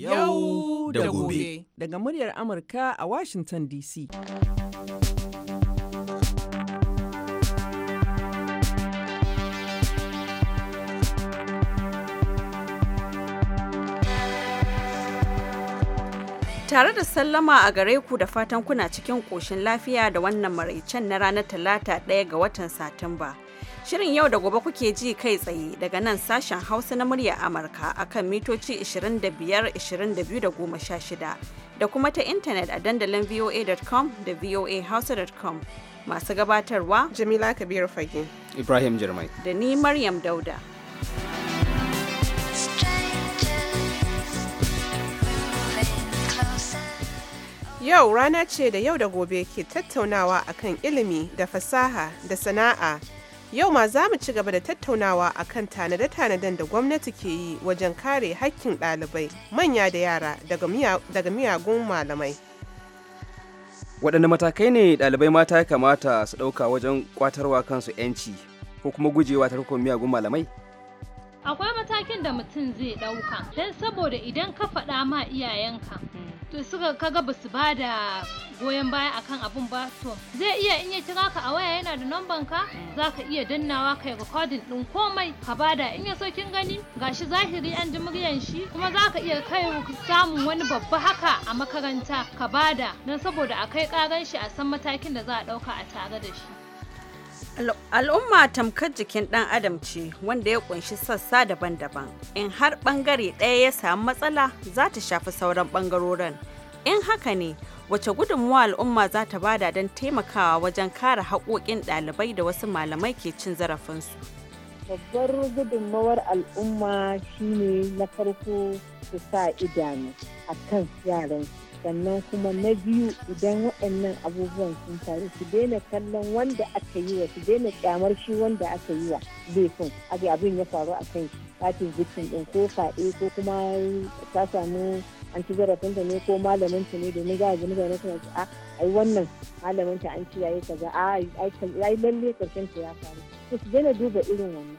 yau da gobe daga muryar amurka a washington dc tare da sallama a gare ku da fatan kuna cikin koshin lafiya da wannan maraicen na ranar talata ɗaya ga watan satumba. Shirin yau da gobe kuke ji kai tsaye daga nan sashen Hausa na murya Amurka akan mitoci 25, 22 shida da kuma ta intanet a dandalin voa.com da voahausa.com masu gabatarwa Jamila Kabiru Fage Ibrahim Jirmai da ni Maryam Dauda. Yau rana ce da yau da gobe ke tattaunawa akan ilimi da fasaha da sana'a Yau ma za mu ci gaba da tattaunawa a kan tanade-tanaden da gwamnati ke yi wajen kare hakkin ɗalibai, manya da yara daga miyagun malamai. Waɗanne matakai ne ɗalibai mata ya kamata su ɗauka wajen ƙwatarwa kansu 'yanci ko kuma gujewa tarkon miyagun malamai? Akwai matakin da mutum zai ɗauka, don saboda idan ka faɗa ma iyayenka, to suka kaga ba su ba da goyon baya akan abun ba to zai iya in ya kira ka a waya yana da namban ka za ka iya dannawa kai recording din komai ka bada in ya so kin gani gashi zahiri an ji muryan shi kuma za ka iya kai samun wani babba haka a makaranta ka bada don saboda a kai karan shi a san matakin da za a dauka a tare da shi Al'umma tamkar jikin ɗan adam ce wanda ya kunshi sassa daban-daban. In har ɓangare ɗaya ya samu matsala za ta shafi sauran ɓangarorin. In haka ne, wace gudunmuwa al'umma za ta bada don taimakawa wajen kare haƙoƙin ɗalibai da wasu malamai ke cin zarafinsu. Babbar gudunmawar al'umma shine na farko su sa idanu a kan yaransu. sannan kuma na biyu idan waɗannan abubuwan sun faru su daina kallon wanda aka yi wa su daina kyamar shi wanda aka yi wa laifin abin ya faru a kan katin jikin ɗin ko faɗe ko kuma ta samu an ci zarafinta ne ko malaminta ne domin za a gani da rashin a ai wannan malaminta an ci yayi kaza a ai lalle karshen ta ya faru su daina duba irin wannan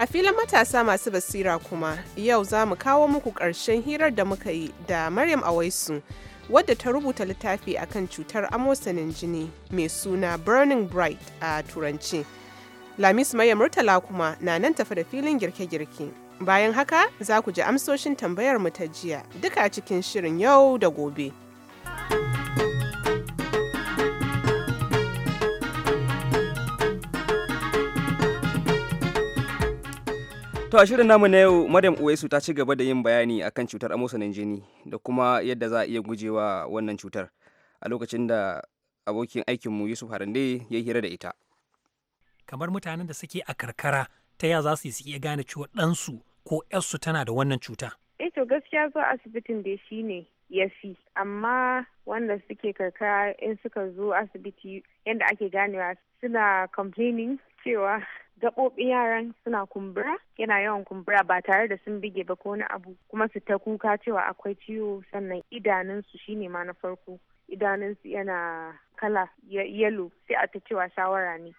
A filin matasa masu basira kuma yau za mu kawo muku ƙarshen hirar da muka yi da Maryam Awaisu wadda ta rubuta littafi a kan cutar amosanin jini mai suna Burning Bright a Turanci. Lamis Maya Murtala kuma na nan tafi da filin girke-girke. Bayan haka za ku ji amsoshin tambayar mu ta jiya duka cikin shirin yau da gobe. To a shirin namu na yau Maryam Uwaisu ta ci gaba da yin bayani akan cutar amosanin jini da kuma yadda za a iya gujewa wannan cutar a lokacin da abokin aikinmu Yusuf Harande ya hira da ita. Kamar mutanen da suke a karkara ta ya za su yi iya gane cewa ɗansu ko ‘yarsu tana da wannan cuta. Eh to gaskiya zuwa asibitin da shi ne ya fi amma wanda suke karkara in suka zo asibiti yadda ake ganewa suna complaining cewa gaɓoɓi yaran suna kumbura yana yawan kumbura ba tare da sun bige ba ko wani abu kuma su ta kuka cewa akwai ciwo sannan idanunsu shine ma na farko idanunsu yana kala yalo sai a ta cewa shawara ne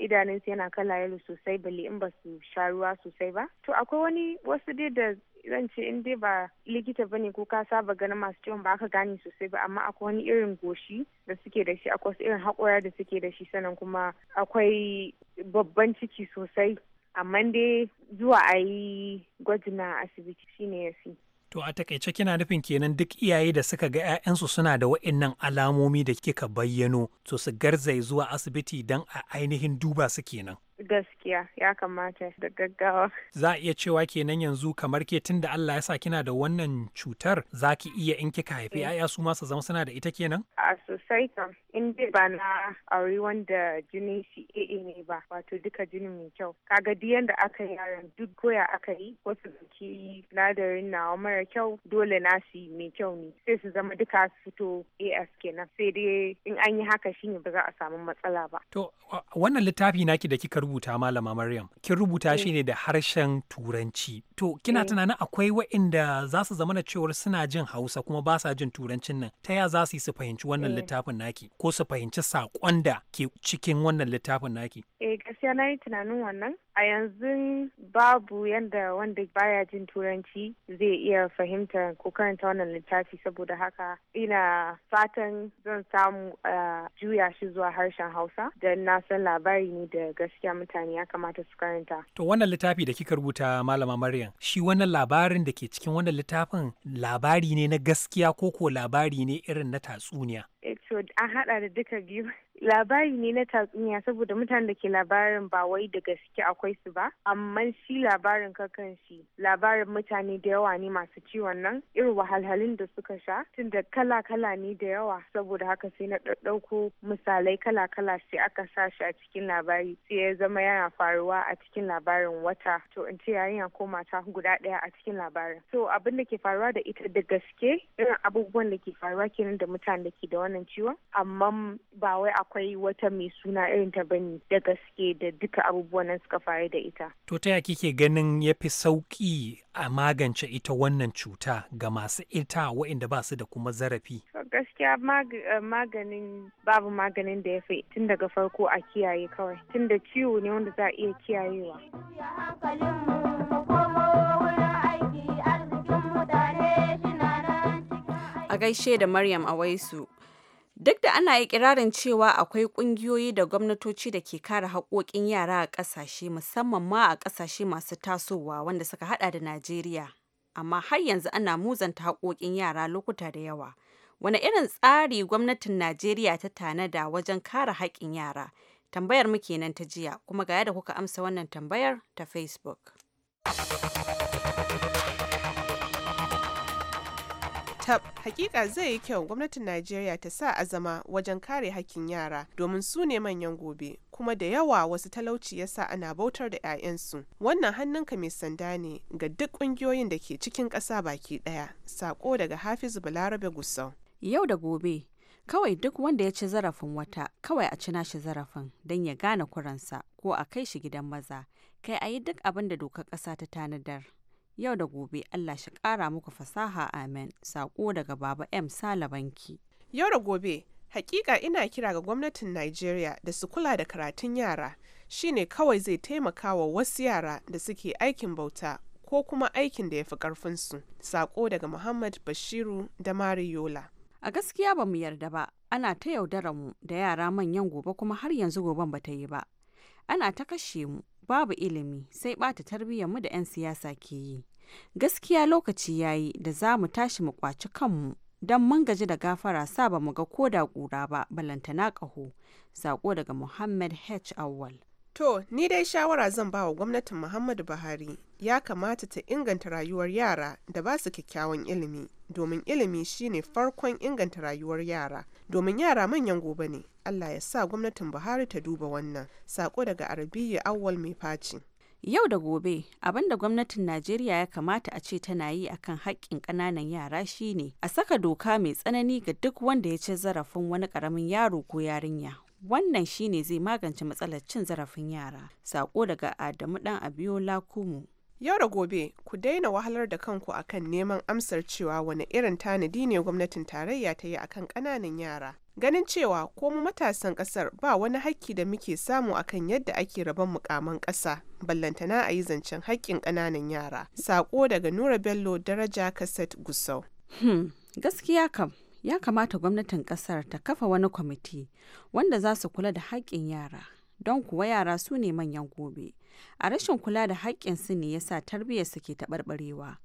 idanunsu yana kala yalo sosai bale in ba su sha ruwa sosai ba to akwai wani wasu dai da zan ce in dai ba likita bane ko ka saba ganin masu ciwon ba aka gane sosai ba amma akwai wani irin goshi da suke da shi akwai wasu irin haƙora da suke da shi sannan kuma akwai babban ciki sosai amma dai zuwa a yi gwajin na asibiti shine ya fi. To a takaice kina nufin kenan duk iyaye da suka ga 'ya'yansu suna da wa'innan alamomi da kika bayyano to su garzai zuwa asibiti don a ainihin duba su kenan. gaskiya ya kamata da gaggawa. Za a iya cewa kenan yanzu kamar ke tun da Allah ya sa kina da wannan cutar za ki iya in kika haifi ya'ya mm. su su zama suna da ita kenan? A sosai kam in dai ba na aure wanda jini shi AA ne ba wato duka jini mai kyau. Kaga duk yanda aka yi yaran duk goya aka yi wasu dauki sinadarin nawa mara kyau dole na shi mai kyau ne sai su zama duka su fito AS kenan sai dai in an yi haka shine ba za a samu matsala ba. To wannan littafi naki da kika rubuta malama Maryam kin rubuta eh. shi ne da harshen turanci to kina eh. tunanin akwai waɗanda za su zama da cewar suna jin Hausa kuma ba sa jin turancin nan ta ya za su yi su fahimci wannan eh. littafin naki ko su fahimci saƙon da ke cikin wannan littafin naki eh gaskiya na yi tunanin wannan a yanzu babu yadda wanda baya jin turanci zai iya fahimta ko karanta wannan littafi saboda haka ina fatan zan samu a juya shi zuwa harshen hausa da na san labari ne da gaskiya mutane ya kamata su karanta to wannan littafi da kika rubuta malama maryam shi wannan labarin da ke cikin wannan littafin labari ne na gaskiya ko ko labari ne irin na tatsuniya to an haɗa da duka biyu labari ne na tatsuniya saboda mutanen da ke labarin ba wai da gaske akwai su ba amma shi labarin kakan shi labarin mutane da yawa ne masu ciwon nan irin wahalhalun da suka sha tun da kala kala ne da yawa saboda haka sai na ɗauko misalai kala kala sai aka sa shi a cikin labari sai ya zama yana faruwa a cikin labarin wata to in ce yarinya ko mata guda ɗaya a cikin labarin To abin da ke faruwa da ita da gaske irin abubuwan da ke faruwa kenan da mutanen da ke da wani wannan ciwon amma ba wai akwai wata mai suna irin ta bane da gaske da duka abubuwan nan suka faru da ita to ta kike ganin ya fi sauki a magance ita wannan cuta ga masu ita waɗanda ba su da kuma zarafi gaskiya eh, maganin babu maganin da ya fi tun daga farko a kiyaye kawai tun da ciwo ne wanda za a iya kiyayewa a gaishe da Maryam a Awaisu. Duk da ana ikirarin cewa akwai kungiyoyi da gwamnatoci da ke kare haƙoƙin yara a ƙasashe musamman ma a ƙasashe masu tasowa wanda suka hada da Najeriya, amma har yanzu ana muzanta haƙoƙin yara lokuta da yawa. Wani irin tsari gwamnatin Najeriya ta tanada wajen kare haƙƙin yara? Tambayar mu nan ta jiya, kuma ga yadda kuka amsa wannan tambayar ta Facebook. tab hakika zai yi kyau gwamnatin najeriya ta sa azama wajen kare hakkin yara domin su ne manyan gobe kuma da yawa wasu talauci ya sa ana bautar da 'ya'yansu wannan hannunka mai sanda ne ga duk ƙungiyoyin da ke cikin ƙasa baki ɗaya saƙo daga hafizu balarabe gusau yau da gobe kawai duk wanda ya ci zarafin wata kawai a ci shi zarafin don ya gane kuransa ko a kai shi gidan maza kai a yi duk abin da dokar ƙasa ta tanadar. Yau da gobe Allah shi ƙara muku fasaha amen. saƙo daga Baba M banki. Yau da gobe, hakika ina kira ga gwamnatin Najeriya da su kula da karatun yara. shine kawai zai taimaka wa wasu yara da suke aikin bauta ko kuma aikin da ya fi ƙarfinsu. saƙo daga Muhammad Bashiru da Mariola. A gaskiya ba mu yarda ba, ana ta yaudara mu da yara manyan gobe kuma har yanzu goben ba ta yi ba. Ana ta kashe mu, babu ilimi sai ɓata mu da 'yan siyasa ke yi. Gaskiya lokaci yayi da za mu tashi mu kwaci kanmu don mun gaji da gafara sa ba mu ga koda kura ba balantana ƙaho. Sako daga Muhammad H. Awal. To, ni dai shawara zan ba wa gwamnatin Muhammadu Buhari ya kamata ta inganta rayuwar yara da ba su kyakkyawan ilimi, domin ilimi shine farkon inganta rayuwar yara, domin yara manyan gobe ne. Allah ya sa gwamnatin Buhari ta duba wannan. Sako daga Arabiya Awwal mai faci. Yau da gobe, abin da gwamnatin Najeriya ya kamata a ce tana yi a kan haƙƙin ƙananan yara shine a saka doka mai tsanani ga duk wanda ya ci zarafin wani ƙaramin yaro ko yarinya Wannan shine zai magance matsalar cin zarafin yara. Sako daga Adamu Dan Abiola Kumu. Yau da gobe, ku daina wahalar da kanku akan neman amsar cewa wani irin tanadi ne gwamnatin tarayya ta yi akan ƙananan yara. Ganin cewa ko mu matasan ƙasar ba wani hakki da muke samu akan yadda ake rabon mukaman ƙasa, ballantana a yi zancen haƙƙin ƙananan yara. Sako daga Nura Bello daraja kaset Gusau. Hmm, gaskiya kam, ya kamata gwamnatin kasar ta kafa wani kwamiti wanda za su kula da haƙƙin yara don kuwa yara su ne manyan gobe a rashin kula da haƙƙin su ne yasa tarbiyyar su ke taɓarɓarewa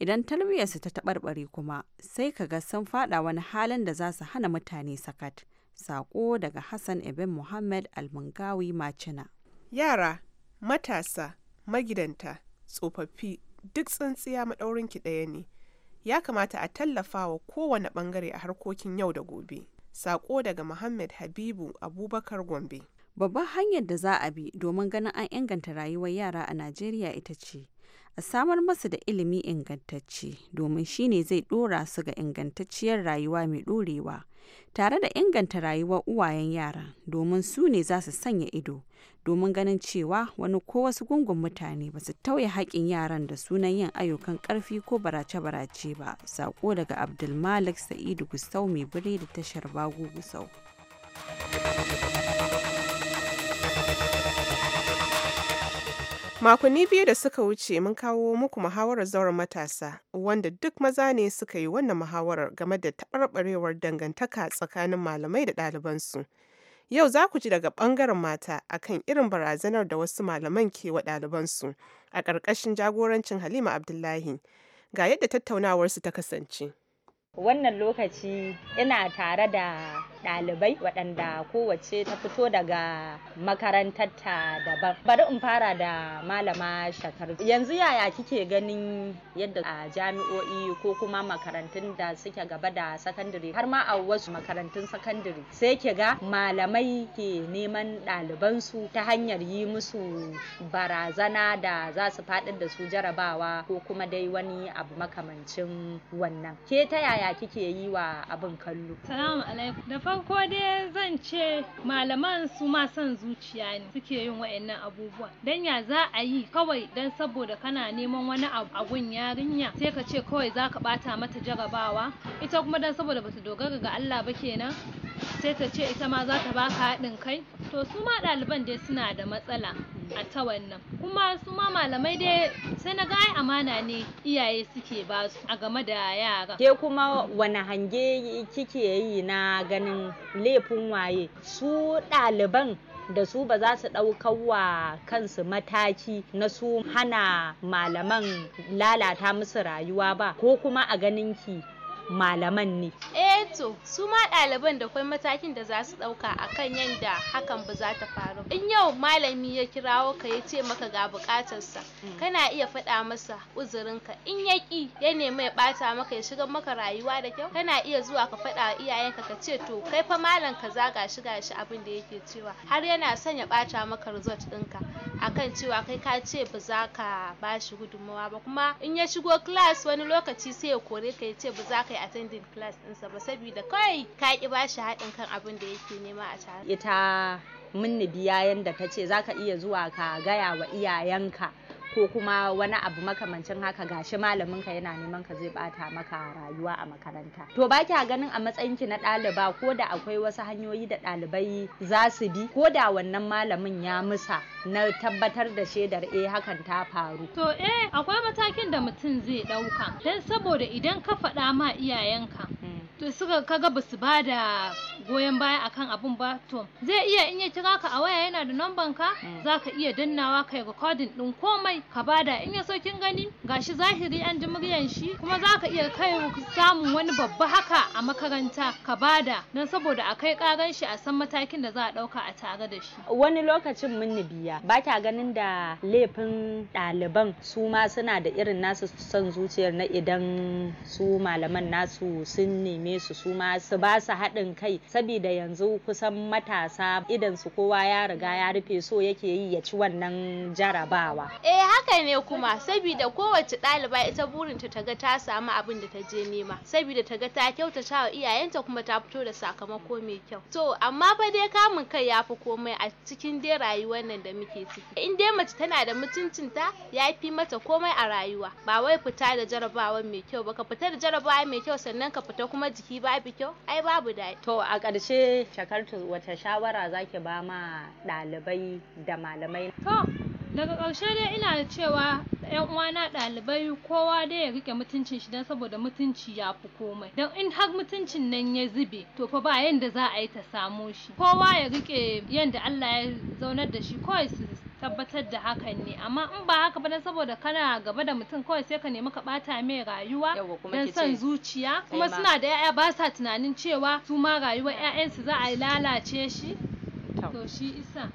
idan tarbiyyar su ta taɓarɓare kuma sai ka ga sun faɗa wani halin da za su hana mutane sakat sako daga hassan ibn muhammad almungawi macina yara matasa magidanta tsofaffi duk tsintsiya maɗaurinki ɗaya ne ya kamata a tallafa wa kowane bangare a harkokin yau da gobe. Sako daga Muhammad Habibu Abubakar Gombe. Babban hanyar da za a bi domin ganin an inganta rayuwar yara a Najeriya ita ce a samar masa da ilimi ingantacce domin shine zai dora su ga ingantacciyar rayuwa mai dorewa. tare da inganta rayuwar uwayen yara domin su ne za su sanya ido domin ganin cewa wani ko wasu gungun mutane ba su tauye haƙƙin yaran da sunan yin ayyukan ƙarfi ko barace-barace ba sako daga abdulmalik sa'idu gusau mai bire da tashar bagugusau. gusau Makonni biyu da suka wuce mun kawo muku muhawarar zauren matasa wanda duk maza ne suka yi wannan muhawarar game da taɓarɓarewar dangantaka tsakanin malamai da ɗalibansu. Yau za ku ji daga ɓangaren mata akan irin barazanar da wasu malaman ke wa ɗalibansu a ƙarƙashin jagorancin Halima Abdullahi. Ga yadda tattaunawarsu ta kasance. Wannan lokaci ina tare da ɗalibai waɗanda kowace ta fito daga makarantarta daban bari in fara da malama shakar yanzu yaya kike ganin yadda a jami'o'i ko kuma makarantun da suke gaba da sakandare har ma a wasu makarantun sakandare sai ki ga malamai ke neman ɗalibansu ta hanyar yi musu barazana da za su faɗi da su jarabawa ko kuma dai wani abu makamancin wannan ke ta yaya kike yi wa abin kallo salamu alaikum da farko dai zan ce malaman su ma son zuciya ne suke yin wa'annan abubuwa dan ya za a yi kawai dan saboda kana neman wani abu yarinya sai ka ce kawai za ka bata mata jarabawa ita kuma dan saboda bata dogara ga Allah ba kenan sai ta ce ita ma za ta baka haɗin kai to su ma ɗaliban dai suna da matsala a ta wannan kuma su ma malamai dai sai na ga amana ne iyaye suke basu a game da yara ke kuma wani hange kike yi na ganin laifin waye su ɗaliban da su ba za su ɗaukar wa kansu mataki na su hana malaman lalata musu rayuwa ba ko kuma a ganin ki. malaman ne. Eh to, su ma ɗaliban da kwai matakin da za su ɗauka a kan yadda hakan ba za ta faru. In yau malami ya kirawo ka ya ce maka ga buƙatarsa, mm. kana iya faɗa masa uzurinka. In ya ƙi ya nemi ya ɓata maka ya shiga maka rayuwa da kyau, kana iya zuwa ka faɗa wa iyayenka ka ce to kai fa malam kaza gashi shi abin da yake cewa har yana son ya ɓata maka result ɗinka akan cewa kai ka ce ba za ka bashi gudunmawa ba kuma in ya shigo class wani lokaci sai ya kore ka ya ce ba za ka kai attending class ɗinsa ba saboda kawai ka ki ba shi haɗin kan abin da yake nema a tare ita munni biya yanda ta ce za ka iya zuwa ka gaya wa iyayenka ko kuma wani abu makamancin haka gashi malamin ka yana neman ka zai bata maka rayuwa a makaranta to ba kya ganin a matsayin ki na ɗaliba ko da akwai wasu hanyoyi da ɗalibai za su bi ko da wannan malamin ya musa na tabbatar da shaidar eh hakan ta faru to eh akwai matakin da mutum zai ɗauka don saboda idan ka faɗa ma iyayenka hmm. to suka kaga ba su bada goyon baya akan abun ba to zai iya in ya kira ka a waya yana da namban ka mm. za ka iya dannawa kai recording din komai ka bada in ya so kin gani gashi zahiri an ji muryan shi kuma za ka iya kai samun wani babba haka a makaranta ka bada don saboda a kai karan shi a san matakin da za a dauka a tare da shi wani lokacin mun ni biya ba kya ganin da laifin ɗaliban su ma suna da irin nasu son zuciyar na idan su malaman nasu sun nemi same su su ma su ba su haɗin kai saboda yanzu kusan matasa idan su kowa ya riga ya rufe so yake yi ya ci wannan jarabawa. Eh haka ne kuma saboda kowace ɗaliba ita burinta ta ga ta samu abin da ta je nema saboda ta ga ta kyautata wa iyayenta kuma ta fito da sakamako mai kyau. To amma fa dai kamun kai ya fi komai a cikin dai rayuwar nan da muke ciki. In dai mace tana da mutuncinta ya fi mata komai a rayuwa ba wai fita da jarabawa mai kyau ba ka fita da jarabawa mai kyau sannan ka fita kuma jiki babu kyau ai babu daɗi to a ƙarshe shakartu wata shawara zaki ba ma ɗalibai da malamai to daga ƙarshe dai ina cewa yan uwana ɗalibai kowa dai ya rike mutuncin shi don saboda mutunci ya fi komai don in har mutuncin nan ya zube to fa ba yanda za a yi ta samo shi kowa ya rike yanda Allah ya zaunar da shi kawai su tabbatar da hakan ne amma in ba haka ba saboda kana gaba da mutum kawai sai ka nemi ka bata mai rayuwa dan son zuciya kuma suna da yaya ba sa tunanin cewa su ma rayuwar su za a lalace shi to shi isa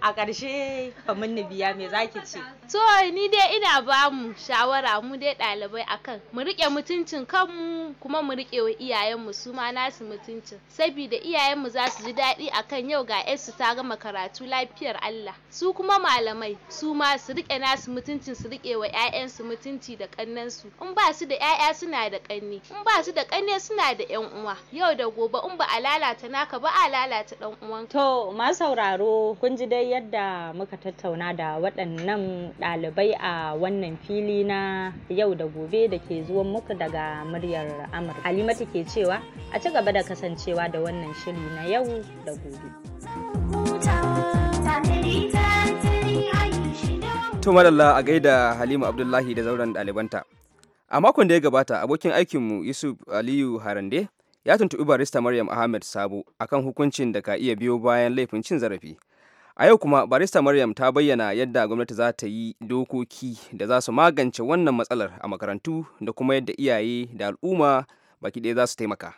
a ƙarshe famin biya me zaki ce to ni dai ina ba mu shawara mu dai ɗalibai akan mu riƙe mutuncin kanmu kuma mu riƙe wa iyayenmu su ma nasu mutuncin saboda iyayenmu za su ji daɗi akan yau ga yarsu ta gama karatu lafiyar Allah su kuma malamai su ma su riƙe nasu mutuncin su riƙe wa ƴaƴansu mutunci da ƙannensu in ba su da ƴaƴa suna da ƙanne in ba su da ƙanne suna da ƴan uwa yau da gobe in ba a lalata naka ba a lalata ɗan uwanka to ma sauraro kun ji dai yadda muka tattauna da waɗannan ɗalibai a wannan fili na yau da gobe da ke zuwan muku daga muryar Amurka. Halimatu ke cewa a ci gaba da kasancewa da wannan shiri na yau da gobe. To madalla a gaida Halima Abdullahi da zauren ɗalibanta. A makon da ya gabata abokin aikinmu Yusuf Aliyu Harande ya tuntuɓi barista Maryam Ahmed Sabo akan hukuncin da ka iya biyo bayan laifin cin zarafi. a yau kuma barista maryam ta bayyana yadda gwamnati za ta yi dokoki da za su magance wannan matsalar a makarantu da kuma yadda iyaye da al'umma baki ɗaya za su taimaka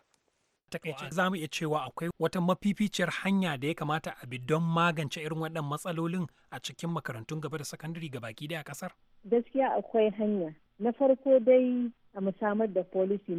takaice za mu iya cewa akwai wata mafificiyar hanya da ya kamata a bi don magance irin waɗannan matsalolin a cikin makarantun gaba da sakandare ga baki ɗaya a ƙasar gaskiya akwai hanya na farko dai a musamar da policy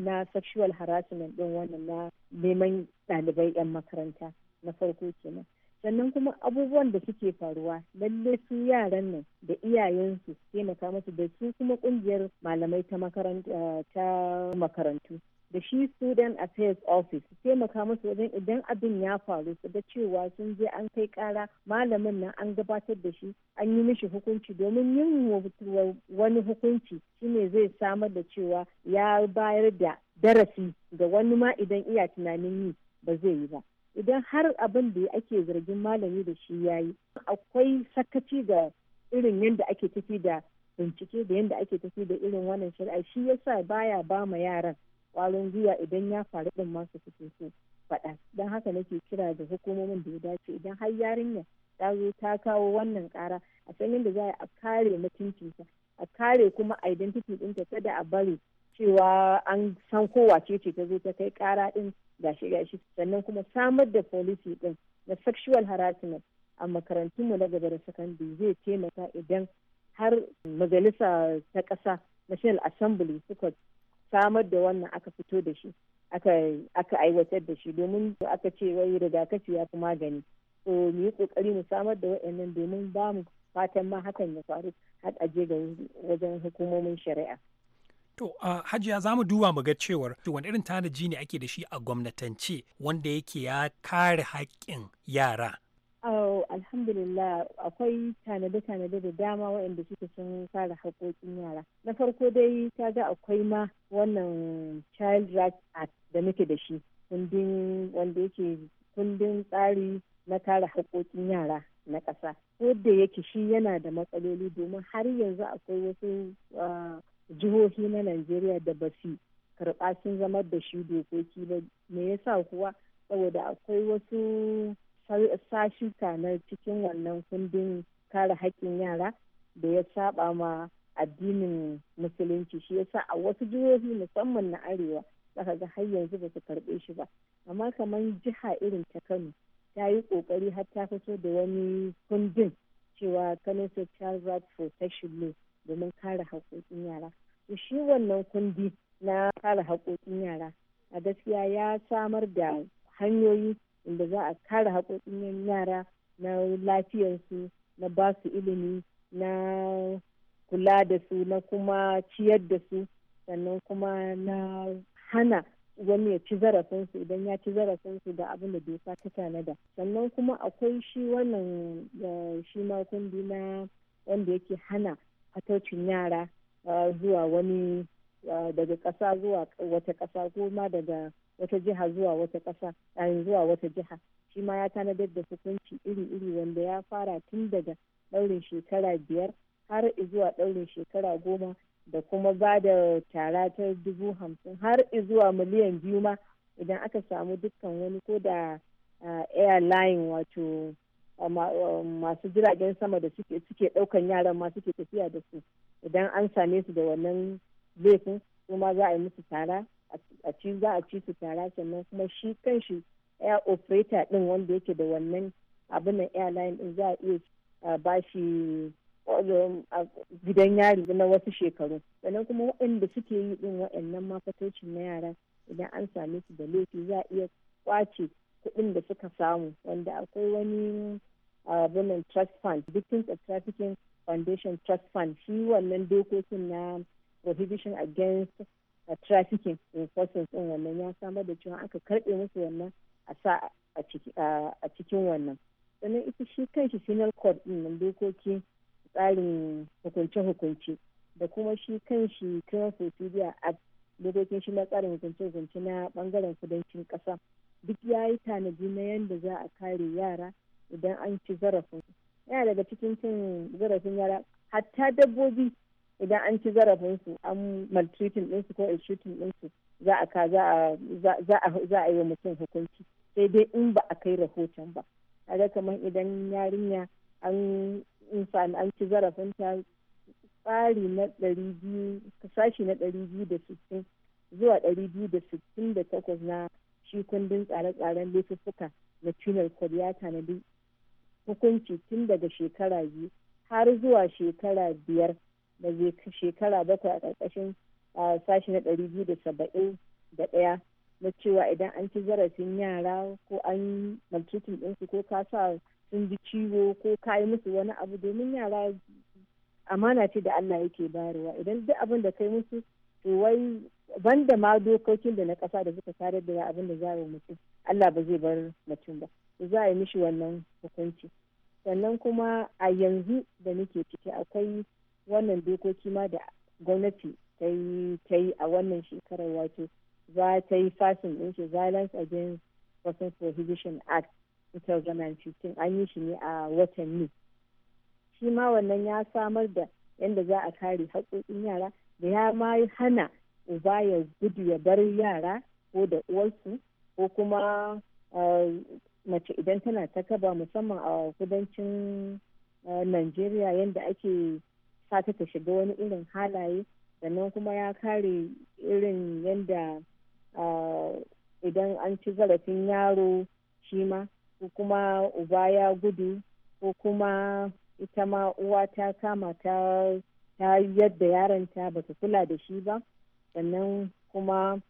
na sexual harassment ɗin wannan na neman ɗalibai 'yan makaranta na farko kenan sannan kuma abubuwan da suke faruwa lalle su yaran nan da iyayensu taimaka musu da su kuma kungiyar malamai eh, ta makarantu da shi student affairs office taimaka musu wajen idan abin ya faru su ga cewa sun je an kai kara malamin nan an gabatar da shi an yi mishi hukunci domin yin wani hukunci shine zai samar da cewa ya bayar da darasi ga wani ma idan iya tunanin yi ba zai yi ba idan har abin da ake zargin malami da shi ya yi akwai sakaci ga irin yadda ake tafi da bincike da yadda ake tafi da irin wannan shari'a shi yasa baya ba ma yaran kwarin gwiwa idan ya faru din masu suke so faɗa don haka nake kira da hukumomin da ya dace idan har yarinya ta zo ta kawo wannan ƙara a san yadda za a kare mutuncinsa a kare kuma identity ɗinta kada a bari cewa an san kowace ce ta zo ta kai ƙara ɗin gashi gashi sannan kuma samar da policy din na sexual harassment a makarantunmu na gaba da sakandare zai taimaka idan har majalisa ta ƙasa national assembly suka samar da wannan aka fito da shi aka aiwatar da shi domin aka ce wai rigakafi ya fi magani so mu yi kokari mu samar da waɗannan domin ba mu fatan ma hakan ya faru har aje ga wajen hukumomin shari'a To, Hajiya za mu duba mu ga cewar wani irin tanaji ne ake da shi a gwamnatance wanda yake ya kare haƙƙin yara. Oh, alhamdulillah akwai tanade-tanade da dama waɗanda suke sun kare haƙoƙin yara. Na farko dai ta ga akwai ma wannan Child Rights Act da muke da shi, kundin wanda yake kundin tsari na kare haƙoƙin yara na ƙasa. Ko da yake shi yana da matsaloli domin har yanzu akwai wasu jihohi na najeriya da ba su karɓa sun zama da shi dokoki ba me yasa kuwa saboda akwai wasu sashuka na cikin wannan kundin kare haƙƙin yara da ya saba ma addinin musulunci shi yasa a wasu jihohi musamman na arewa zaka ga har yanzu ba su karɓe shi ba amma kamar jiha irin ta kano ta yi ƙoƙari har ta fito da wani kundin cewa kano social rights protection law domin kare haƙƙoƙin yara shi wannan kundi na kare haƙoƙin yara a gaskiya ya samar da hanyoyi inda za a kare haƙoƙin yara na lafiyarsu na ba su ilimi na kula da su na kuma ciyar da su sannan kuma na hana wani ya ci zarafinsu idan ya ci zarafinsu da abin da doka ta tanada sannan kuma akwai shi wannan eh, shi ma kundi na wanda yake hana fatocin yara Uh, zuwa wani uh, daga ƙasa zuwa wata ƙasa ko ma daga wata jiha zuwa wata ƙasa yayin zuwa wata jiha shi ma ya tanadar da hukunci iri-iri wanda ya fara tun daga ɗaurin shekara biyar har zuwa ɗaurin shekara goma da kuma ba da tara ta dubu hamsin har zuwa miliyan biyu ma idan aka samu dukkan wani ko da uh, airline wato um, masu jiragen sama da suke ɗaukan yaran ma suke tafiya da su idan an same su da wannan laifin kuma za a yi musu tara a ci za a ci su tara sannan kuma shi kanshi air operator din wanda yake da wannan abin nan airline din za a iya ba shi um, gidan yari na wasu shekaru sannan kuma waɗanda suke yi din waɗannan mafatocin na yara idan an same su da laifi za a iya kwace kuɗin da suka samu wanda akwai wani abin trust fund victims of trafficking foundation trust fund shi wannan dokokin na prohibition against uh, trafficking in persons din wannan ya samar da cewa aka karbe musu wannan a sa uh, a cikin wannan sannan ita shi kanshi penal court din nan dokoki tsarin hukunce-hukunce da kuma shi kanshi criminal procedure act dokokin shi na tsarin hukunce-hukunce na bangaren kudancin kasa duk ya yi tanadi na yadda za a kare yara idan an ci zarafin yana daga cikin cin zarafin yara hatta dabbobi idan an ci zarafin su an maltreating su ko shooting ɗinsu za a ka za a yi mutum hukunci sai dai in ba a kai rahoton ba kaga kamar idan yarinya an an ci ta tsari na ɗari biyu sashi na ɗari biyu da sittin zuwa ɗari biyu da sittin da takwas na shi kundin tsare-tsaren laifuffuka na penal code ya tanadi hukunci tun daga shekara biyu har zuwa shekara biyar da shekara bakwai a ƙarƙashin sashi na ɗari biyu da saba'in da ɗaya na cewa idan an ci zarafin yara ko an malcutin ɗinsu ko ka sa sun ji ciwo ko ka yi musu wani abu domin yara amana ce da Allah yake bayarwa idan duk abin da kai musu to wai banda ma dokokin da na ƙasa da suka sadar da abin da za mutum Allah ba zai bar mutum ba za a yi mishi wannan hukunci sannan kuma a yanzu da nake ciki akwai wannan dokoki ma da gwamnati ta yi a wannan shekarar wato za ta yi fasin ɗin shi violence against person prohibition act 2015 an yi shi ne a watanni shi ma wannan ya samar da yadda za a kare haƙoƙin yara da ya ma hana uba ya gudu ya bar yara ko da uwarsu ko kuma eh, mace idan tana ta kaba musamman a kudancin eh, Najeriya yadda ake sata ta shiga wani irin halaye sannan kuma ya kare irin yadda eh, idan an ci zarafin yaro shi ma ko kuma uba ya gudu ko kuma ita ma uwa ta kama ta yadda yaronta ba ta kula da shi ba sannan kuma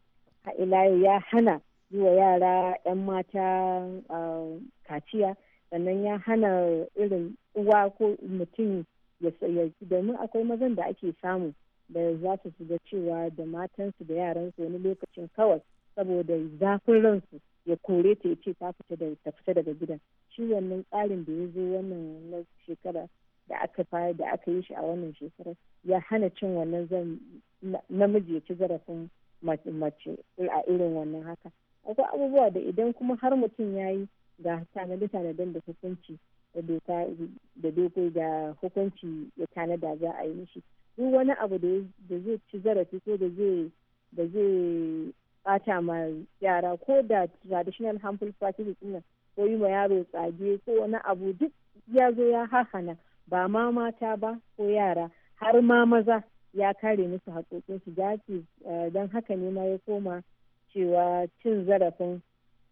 ha'ilayo ya hana yi wa yara 'yan mata um, kaciya sannan ya hana irin uwa ko mutum ya domin akwai mazan da ake samu da za su shiga cewa da matansu da yaransu wani lokacin kawai saboda zafin ransu ya kore ta ya ce ta fita daga gidan shi wannan tsarin da ya zo wannan na shekara da aka fara da aka yi shi a wannan shekarar ya hana cin wannan zan namiji ya ci zarafin mace a irin wannan haka akwai abubuwa da idan kuma har mutum ya yi ga tanadi tanadin da hukunci da doka da hukunci ya tanada za a yi mishi duk wani abu da zai ci zarafi ko da zai da bata ma yara ko da traditional harmful practices din ko yi ma yaro tsage ko wani abu duk ya zo ya hahana ba ma mata ba ko yara har ma maza ya kare musu haƙoƙinsu su eh, don haka ne ma ya koma cewa cin zarafin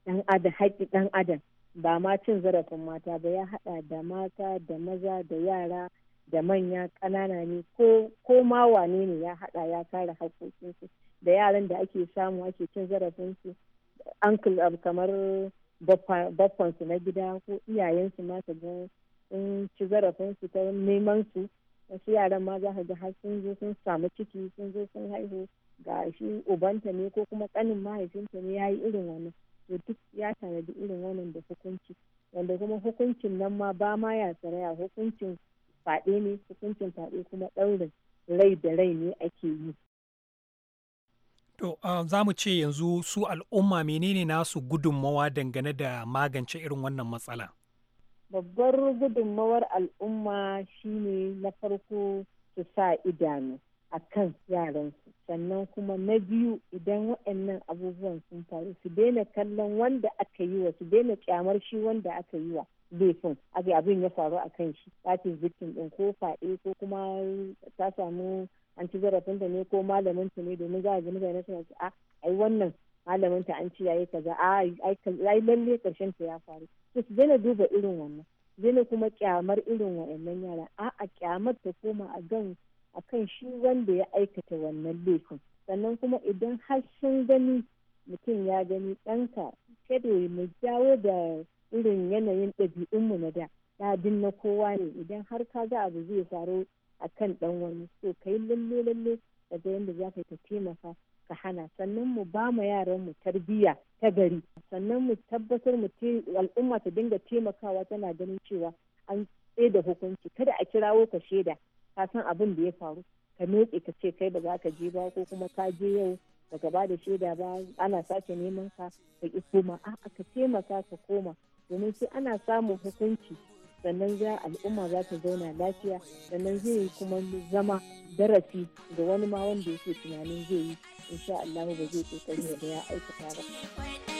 dan adam haƙƙi ɗan adam ba ma cin zarafin mata ba ya haɗa da mata da maza da yara da manya ƙanana ne ko ma wane ne ya haɗa ya kare haƙƙoƙinsu da yaran da ake samu ake cin zarafinsu ankle um, kamar baffansu na gida ko iyayensu ma su ga ci zarafinsu ta neman su wasu yaran ma za ka ga har sun zo sun samu ciki sun zo sun haihu ga shi ubanta ne ko kuma kanin mahaifinta ne ya yi irin wani to duk ya tanadi irin wannan da hukunci wanda kuma hukuncin nan ma ba ma ya tsaraya hukuncin faɗe ne hukuncin faɗe kuma ɗaurin rai da rai ne ake yi To za mu ce yanzu su al'umma menene nasu gudunmawa dangane da magance irin wannan matsala? Babbar gudunmawar al'umma shine na farko su sa idanu akan kan yaransu. sannan kuma na biyu idan waɗannan abubuwan sun faru su daina kallon wanda aka yi wa su daina kyamar shi wanda aka yi wa laifin abin abin ya faru a kan shi ɗakin victim ɗin ko faɗe ko kuma ta samu an ci zarafin da ne ko malamin ta ne domin za a ji mutane suna ce a ah, ai wannan malamin ta an ci yayi kaza a ah, ai lalle karshen ta ya faru to su daina duba irin wannan daina kuma kyamar irin wa'annan yara a'a a kyamar ta koma a gan akan shi wanda ya aikata wannan laifin sannan kuma idan har sun gani mutum ya gani ɗanka kada mu jawo da irin yanayin ɗabi'unmu na da ɗadin na kowa ne idan har ka ga abu zai faru a kan ɗan wani so ka yi lalle lalle daga yadda za ka taimaka ka hana sannan mu ba mu yaran mu tarbiyya ta gari sannan mu tabbatar mu al'umma ta dinga taimakawa tana ganin cewa an tsaye da hukunci kada a kirawo ka shaida ka san abin da ya faru ka metse ka ce kai ba za ka je ba ko kuma ka je yau baka ba da shaida ba ana sake neman ka ka ki koma a ka taimaka ka koma domin sai ana samun hukunci sannan za al'umma za ta zauna lafiya sannan zai yi kuma zama darasi ga wani ma wanda yake tunanin zai yi insha Allah ba zai ƙoƙari da ya aikata ba.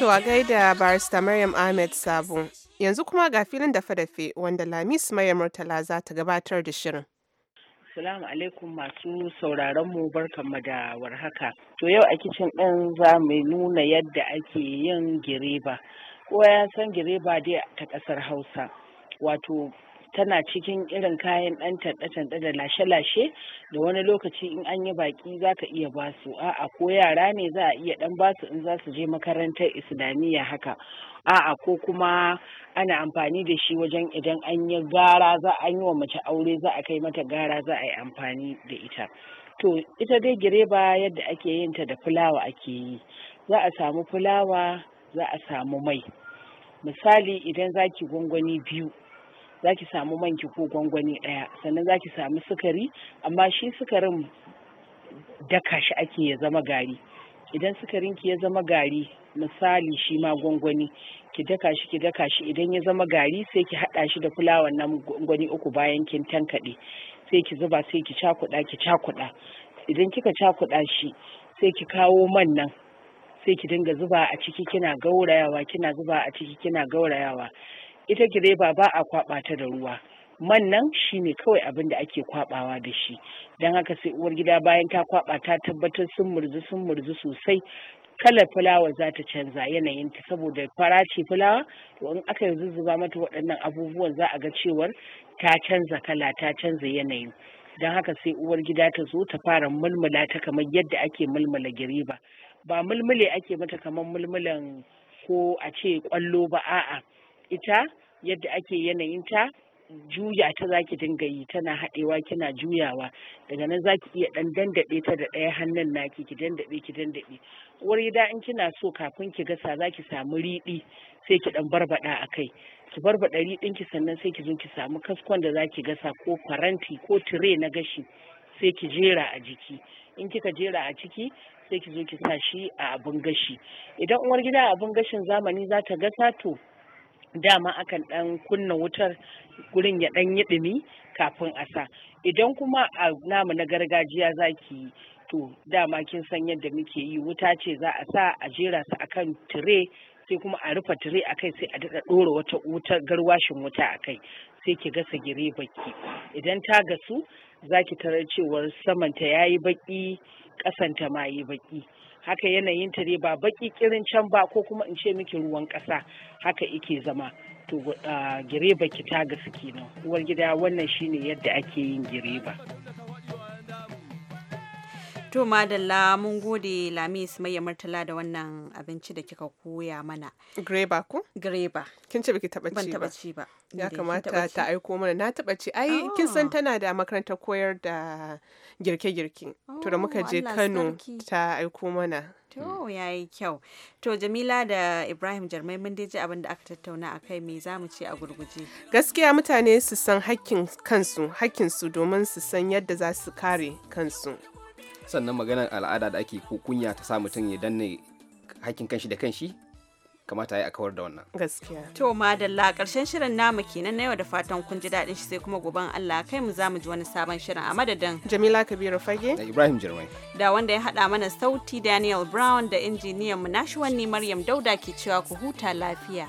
To a gaida barista Maryam Ahmed Sabo. Yanzu kuma ga filin dafe-dafe wanda Lamis Maryam Murtala za ta gabatar da shirin. salamu alaikum masu sauraron mu barkanmu da warhaka. To yau a kicin ɗin za mu nuna yadda ake yin gireba. Kowa ya san gireba dai ta ƙasar Hausa. Wato tana cikin irin kayan ɗan tanɗe-tanɗe da lashe-lashe da wani lokaci in an yi baƙi za ka iya ba su. a'a ko yara ne za a iya ɗan ba su in za su je makarantar islamiyya haka a'a ko kuma ana amfani da shi wajen idan an yi gara za a yi wa mace aure za a kai mata gara za a yi amfani da ita to ita dai gireba yadda ake yin ta da fulawa ake yi za a samu fulawa za a samu mai misali idan za ki gwangwani biyu za ki samu manki ko gwangwani ɗaya sannan za ki samu sukari amma shi sukarin daka shi ake ya zama gari idan sukarin ki ya zama gari misali shi ma gwangwani ki daka shi ki daka shi idan ya zama gari sai ki haɗa shi da fulawan nan gwangwani uku bayan kin tankade, sai ki zuba sai ki cakuɗa ki cakuɗa idan kika cakuɗa shi sai ki kawo man nan sai ki dinga zuba a ciki kina gaurayawa kina zuba a ciki kina gaurayawa ita gireba ba a kwaba ta da ruwa man nan shine kawai abin da ake kwabawa da shi don haka sai uwar gida bayan ta kwaba ta tabbatar sun murzu sun murzu sosai kalar fulawa za ta canza ta. saboda farace fulawa to in aka yi zuzzuba mata waɗannan abubuwan za a ga cewar ta canza kala ta canza yanayin. don haka sai uwar gida ta zo ta fara mulmula ta kamar yadda ake mulmula gireba. ba mulmule ake mata kamar mulmulan ko a ce kwallo ba a'a ita yadda ake yanayin ta juya ta zaki dinga yi tana haɗewa kina juyawa daga nan zaki iya ɗan dandaɗe ta da ɗaya hannun naki ki dandaɗe ki dandaɗe wuri da in kina so kafin ki gasa zaki samu riɗi sai ki ɗan barbaɗa a kai ki barbaɗa riɗin ki sannan sai ki zo ki samu kaskon da zaki gasa ko faranti ko tire na gashi sai ki jera a jiki in kika jera a ciki sai ki zo ki sa shi a abin gashi idan uwar gida abin gashin zamani za ta gasa to dama akan dan kunna wutar gurin ya dan yi dumi kafin a sa idan kuma a namu na gargajiya zaki yi to dama kin san yadda muke yi wuta ce za a sa a jera su akan tire sai kuma a rufe tire a kai sai a daɗa ɗora wata wuta garwashin wuta a kai sai ki gasa gire baki idan ta gasu za ki tarar cewar samanta ya yi baki ƙasanta ma yi baki haka yanayin ta ba baki kirin can ba ko kuma in ce miki ruwan ƙasa haka ike zama to ah, gireba ki ta gaske nan uwar gida wannan shine yadda ake yin gireba To madalla mun gode lamis mai ya Murtala da wannan abinci da kika koya mana. Greba ku. Greba. Kin ce biki taba ci ba? Ban taba ci ba. Ya kamata ta aiko mana na taba ci. Ai kin san ah. tana da makarantar koyar da girke-girke. To da muka je oh, Kano ta aiko mana. To yayi kyau. To Jamila da Ibrahim Jarmai mun dai ji abin da aka tattauna a kai me zamu ce a gurguje. Gaskiya mutane su san hakkin kansu, hakkin su domin su san yadda za su kare kansu. sannan maganar al'ada da ake ko kunya ta sa mutum ya danne hakkin kanshi da kanshi kamata ya kawar da wannan gaskiya to madalla karshen shirin namu kenan na yau da fatan kun ji daɗin shi sai kuma goben Allah kai mu zamu ji wani sabon shirin a madadin Jamila Kabiru Fage da Ibrahim Jirmai da wanda ya hada mana sauti Daniel Brown da injiniyan mu shi wanni Maryam Dauda ke cewa ku huta lafiya